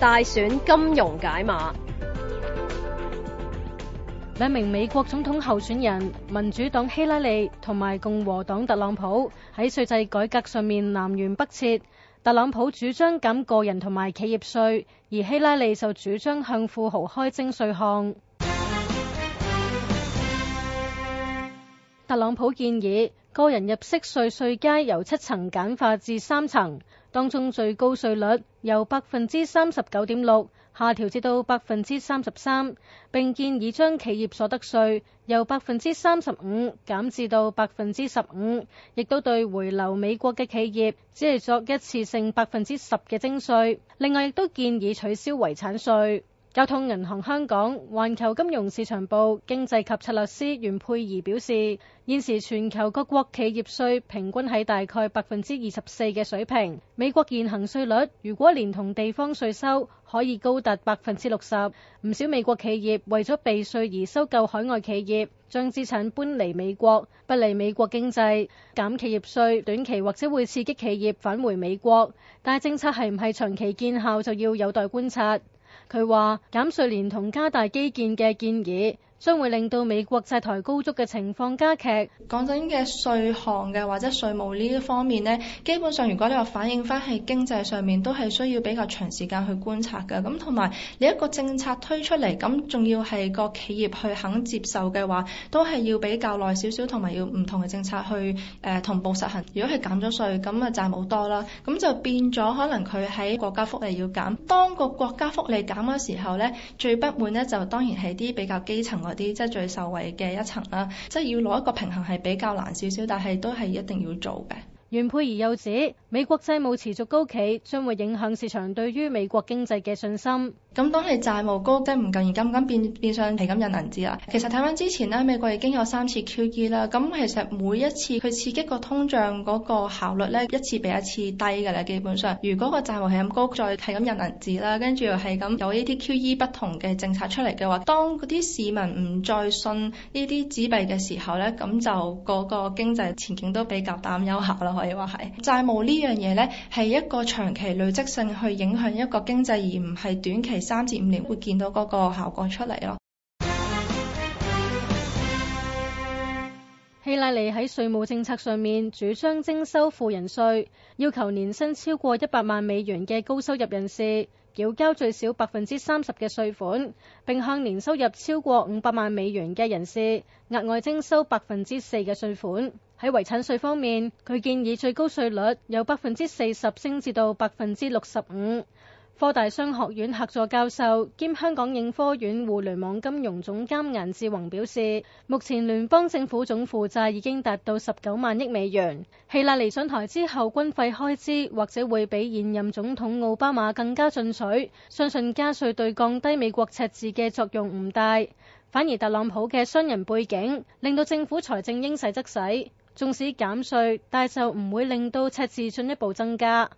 大選金融解碼，兩名美國總統候選人民主黨希拉莉同埋共和黨特朗普喺稅制改革上面南轅北轍。特朗普主張減個人同埋企業稅，而希拉莉就主張向富豪開徵稅項。特朗普建議。個人入息稅稅階由七層簡化至三層，當中最高稅率由百分之三十九點六下調至到百分之三十三。並建議將企業所得稅由百分之三十五減至到百分之十五，亦都對回流美國嘅企業只係作一次性百分之十嘅徵稅。另外，亦都建議取消遺產稅。交通銀行香港環球金融市場部經濟及策略師袁佩儀表示：現時全球各國企業稅平均喺大概百分之二十四嘅水平，美國現行稅率如果連同地方稅收，可以高達百分之六十。唔少美國企業為咗避稅而收購海外企業，將資產搬離美國，不利美國經濟。減企業稅短期或者會刺激企業返回美國，但係政策係唔係長期見效就要有待觀察。佢話減稅連同加大基建嘅建議，將會令到美國債台高築嘅情況加劇。講真嘅，稅項嘅或者稅務呢一方面呢，基本上如果你話反映翻係經濟上面，都係需要比較長時間去觀察㗎。咁同埋你一個政策推出嚟，咁仲要係個企業去肯接受嘅話，都係要比較耐少少，同埋要唔同嘅政策去誒同步實行。如果係減咗稅，咁啊賺好多啦，咁就變咗可能佢喺國家福利要減。當個國家福利減嘅時候呢，最不滿呢就當然係啲比較基層。啲即係最受惠嘅一層啦，即係要攞一個平衡，係比較難少少，但係都係一定要做嘅。袁佩儀又指，美國債務持續高企，將會影響市場對於美國經濟嘅信心。咁當係債務高，即係唔夠現金咁，咁變，變相係咁印銀紙啦。其實睇翻之前咧，美國已經有三次 QE 啦。咁其實每一次佢刺激個通脹嗰個效率咧，一次比一次低嘅啦，基本上。如果個債務係咁高，再係咁印銀紙啦，跟住又係咁有呢啲 QE 不同嘅政策出嚟嘅話，當嗰啲市民唔再信呢啲紙幣嘅時候咧，咁就嗰個經濟前景都比較擔憂下囉。可以話係債務呢樣嘢呢，係一個長期累積性去影響一個經濟，而唔係短期三至五年會見到嗰個效果出嚟咯。希拉莉喺稅務政策上面，主張徵收富人稅，要求年薪超過一百萬美元嘅高收入人士繳交最少百分之三十嘅稅款，並向年收入超過五百萬美元嘅人士額外徵收百分之四嘅稅款。喺遺產稅方面，佢建議最高稅率由百分之四十升至到百分之六十五。科大商學院客座教授兼香港應科院互聯網金融總監顏志宏表示，目前聯邦政府總負債已經達到十九萬億美元。希拉莉上台之後，軍費開支或者會比現任總統奧巴馬更加進取。相信加稅對降低美國赤字嘅作用唔大，反而特朗普嘅商人背景令到政府財政應勢則使。縱使減稅，但就唔會令到赤字進一步增加。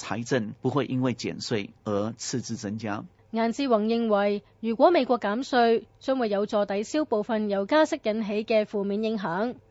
財政不會因為減稅而赤字增加。顏志宏認為，如果美國減稅，將會有助抵消部分由加息引起嘅負面影響。